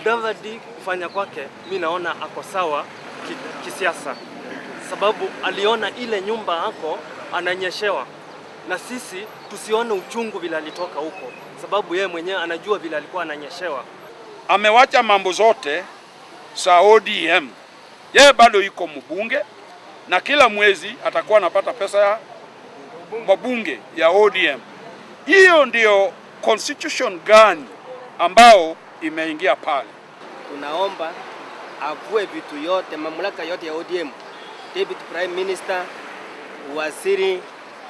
Mudavadi kufanya kwake, mi naona ako sawa kisiasa, sababu aliona ile nyumba ako ananyeshewa, na sisi tusione uchungu vile alitoka huko, sababu yeye mwenyewe anajua vile alikuwa ananyeshewa. Amewacha mambo zote za ODM, yeye bado yuko mbunge na kila mwezi atakuwa anapata pesa ya mabunge ya ODM. Hiyo ndio constitution gani ambao imeingia pale. Tunaomba avue vitu yote, mamlaka yote ya ODM, Deputy Prime Minister, waziri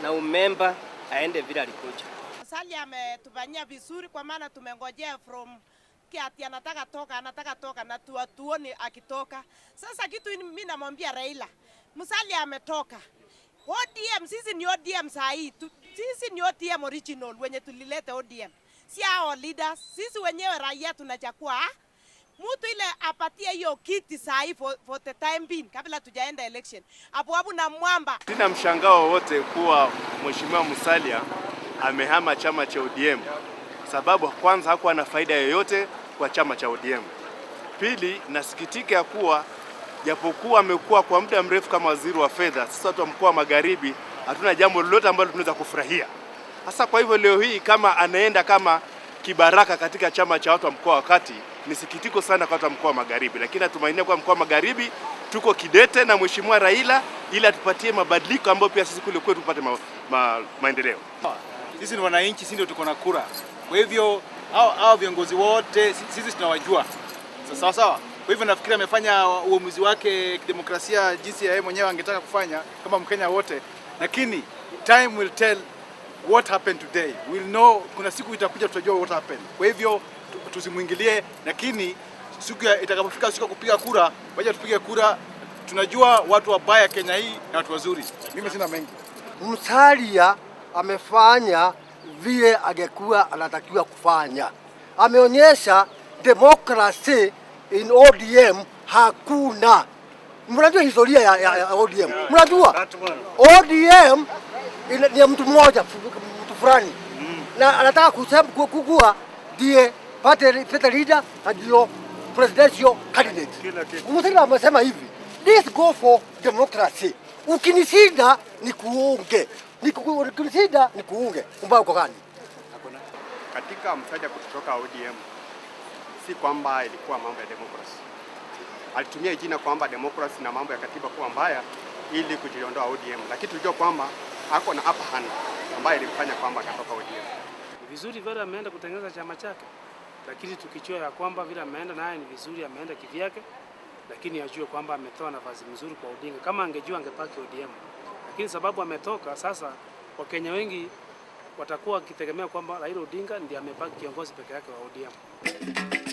na umemba, aende vile alikuja. Sali ametufanyia vizuri, kwa maana tumengojea from ati anataka toka, anataka toka na tuatuone akitoka. Sasa kitu mimi namwambia Raila, Musali ametoka ODM, sisi ni ODM saa hii, sisi ni ODM original wenye tulileta ODM si hao leaders, sisi wenyewe raia tunachakua ah, mtu ile apatie hiyo kiti saa hii for, for the time being kabla tujaenda election. Hapo hapo na mwamba, sina mshangao wowote kuwa Mheshimiwa Musalia amehama chama cha ODM, sababu kwanza hakuwa na faida yoyote kwa chama cha ODM. Pili, nasikitika ya kuwa japokuwa amekuwa kwa muda mrefu kama waziri wa fedha, sisi watu wa mkoa wa Magharibi hatuna jambo lolote ambalo tunaweza kufurahia hasa kwa hivyo leo hii kama anaenda kama kibaraka katika chama cha watu wa mkoa wa kati, ni sikitiko sana kwa watu wa mkoa wa magharibi, lakini natumainia kwa mkoa wa magharibi tuko kidete na mheshimiwa Raila ili atupatie mabadiliko ambayo pia sisi kule kwetu tupate ma, ma, maendeleo. Sisi ni wananchi, sisi ndio tuko na kura, kwa hivyo hao viongozi wote sisi tunawajua sawa sawa. Kwa hivyo nafikiri amefanya uamuzi wake kidemokrasia, jinsi yeye mwenyewe angetaka kufanya kama Mkenya wote, lakini time will tell what happened today. We'll know, kuna siku itakuja tutajua what happened. Kwa hivyo tusimwingilie, lakini siku itakapofika siku ya kupiga kura, waje tupige kura. Tunajua watu wabaya Kenya hii na watu wazuri. Mimi sina mengi. Musalia amefanya vile angekuwa anatakiwa kufanya, ameonyesha demokrasi in ODM hakuna. Mnajua historia ya, ya, ya ODM? Mnajua ODM ni mtu mmoja mtu fulani mm. na anataka kusema kukua ndiye pete leader na ndio presidential candidate. Museveni amesema hivi, let's go for democracy, ukinisida ni kuunge, ukinisida ni kuunge. Umbao uko gani? Katika mtaja kutoka ODM, si kwamba ilikuwa mambo ya demokrasi, alitumia jina kwamba demokrasi na mambo ya katiba kuwa mbaya ili kujiondoa ODM, lakini tulijua kwamba ako na upper hand ambaye ilimfanya kwamba akatoka wenyewe. Ni vizuri vile ameenda kutengeneza chama chake, lakini tukichua ya kwamba vile ameenda naye ni vizuri, ameenda kivyake, lakini ajue kwamba ametoa nafasi mzuri kwa Odinga. Kama angejua angepaki ODM, lakini sababu ametoka sasa, Wakenya wengi watakuwa wakitegemea kwamba Raila Odinga ndiye amebaki kiongozi peke yake wa ODM.